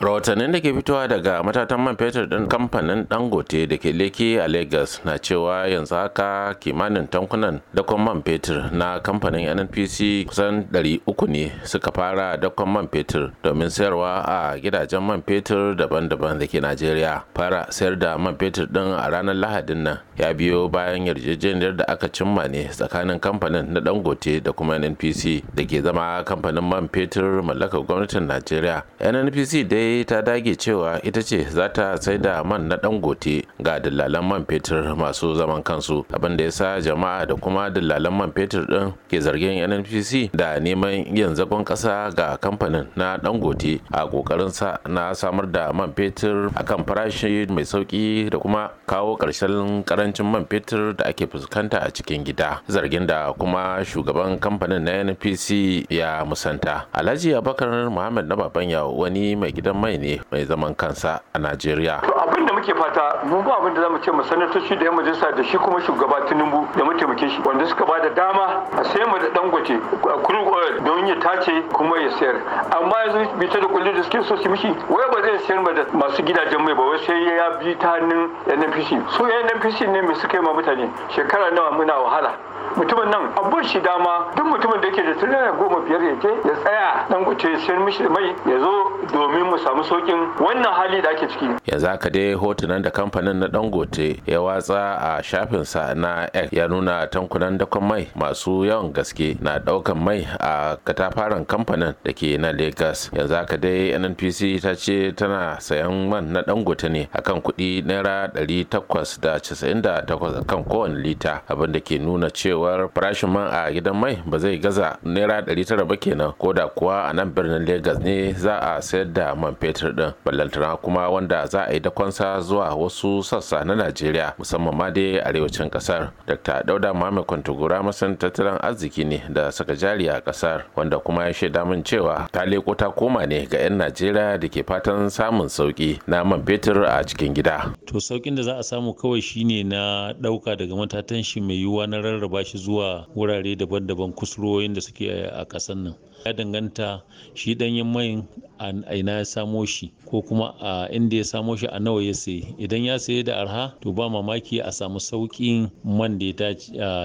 rahotannin da ke fitowa daga matatan man fetur ɗin kamfanin dangote da ke leke a lagos na cewa yanzu haka kimanin tankunan dakon man fetur na kamfanin nnpc kusan 300 ne suka fara dakon man fetur domin sayarwa a gidajen man fetur daban-daban da ke najeriya fara sayar da man fetur ɗin a ranar lahadin nan ya biyo bayan yarjejeniyar da aka cimma ne tsakanin kamfanin na dangote da kuma nnpc da ke zama kamfanin man fetur mallakar gwamnatin najeriya nnpc dai dai ta dage cewa ita ce za ta sai da man na dangote ga dillalan man fetur masu zaman kansu abin da ya sa jama'a da kuma dillalan man fetur din ke zargin nnpc da neman yin zagon kasa ga kamfanin na dangote a kokarin sa na samar da man fetur akan farashi mai sauki da kuma kawo karshen karancin man fetur da ake fuskanta a cikin gida zargin da kuma shugaban kamfanin na npc ya musanta alhaji abakar muhammad na baban yawo wani mai gidan matatar mai ne mai zaman kansa a najeriya to abin da muke fata mu ba abin da zamu ce masanatoci sanatoci da yan majalisa da shi kuma shugaba tinubu da mataimakin shi wanda suka bada dama a sayar mu da dangote crude oil don ya tace kuma ya sayar amma yanzu ta da kulli da suke so su mishi wai ba zai sayar da masu gidajen mai ba wai sai ya bi ta hannun NNPC su NNPC ne mai suka yi ma mutane shekara nawa muna wahala mutumin nan abin shi dama duk mutumin da yake da tunanin goma biyar ya ke ya tsaya dan guce sayar mishi mai ya zo domin mu samu sokin. wannan hali da ake ciki yanzu haka dai hotunan da kamfanin na dangote ya watsa a shafinsa na x ya nuna tankunan dakon mai masu yawan gaske na daukan mai a katafaren kamfanin da ke na lagos yanzu haka dai nnpc ta ce tana sayan man na dangote ne akan kuɗi naira 898 kan kowane lita abin da ke nuna cewar farashin man a gidan mai ba zai gaza naira tara ba kenan ko da kuwa a nan birnin lagos ne za a sayar da man fetur din ballantana kuma wanda za a yi dakonsa zuwa wasu sassa na najeriya musamman ma dai arewacin kasar dr dauda mahammed kwantogora masan tattalin arziki ne da saka jari a kasar wanda kuma ya shaida min cewa ta leko ta koma ne ga 'yan najeriya da ke fatan samun sauki na man fetur a cikin gida to saukin da za a samu kawai shine na dauka daga matatan shi mai yiwuwa na rarraba shi zuwa wurare daban-daban kusurwoyin da suke a kasan nan ya danganta shi danyen mai a ina ya samo shi ko kuma a inda ya samo shi a nawa ya sayi? idan ya sayi da arha to ba mamaki a samu sauƙin man da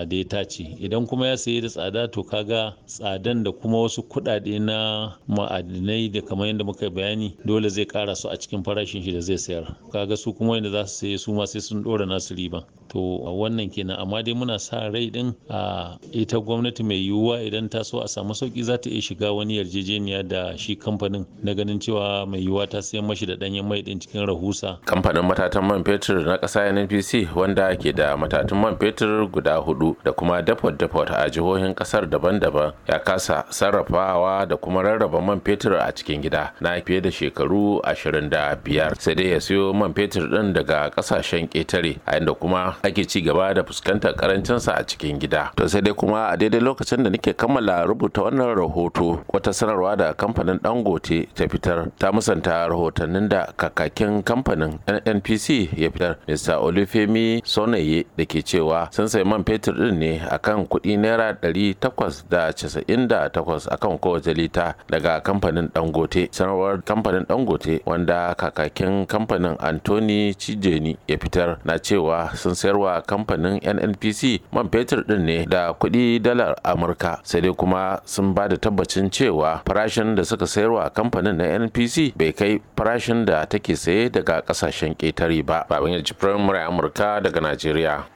ya tace idan kuma ya sayi da tsada to kaga tsadan da kuma wasu kuɗaɗe na ma'adinai da kamar yadda muka bayani dole zai ƙara su a cikin farashin shi da zai sayar kaga su kuma yadda za su sayi su ma sai sun ɗora nasu riba to wannan kenan amma dai muna sa rai din a ita gwamnati mai yiwuwa idan ta so a samu sauki za ta iya shiga wani yarjejeniya da shi kamfanin na ganin cewa mai yiwuwa ta sayan mashi da danyen mai din cikin rahusa kamfanin matatan man fetur na ƙasa NNPC wanda ke da matatun man fetur guda hudu da kuma dafot dafot a jihohin kasar daban-daban ya kasa sarrafawa da kuma rarraba man fetur a cikin gida na fiye da shekaru ashirin da biyar sai dai ya siyo man fetur din daga ƙasashen ketare a inda kuma ake ci gaba da fuskantar karancinsa a cikin gida to sai dai kuma a daidai lokacin da nake kammala rubuta wannan rahoto wata sanarwa da kamfanin dangote ta fitar ta musanta rahotannin da kakakin kamfanin nnpc ya fitar mr olufemi sonaye da ke cewa sun sai man fetur din ne akan kuɗi naira ɗari takwas da da casa'in a akan kowace lita daga kamfanin dangote sanarwar kamfanin dangote wanda kakakin kamfanin anthony cijeni ya fitar na cewa sun sai sayarwa kamfanin nnpc man fetur din ne da kuɗi dalar amurka sai dai kuma sun ba da tabbacin cewa farashin da suka sayarwa kamfanin na nnpc bai kai farashin da take saye daga ƙasashen ƙetare ba babin ya ji amurka daga najeriya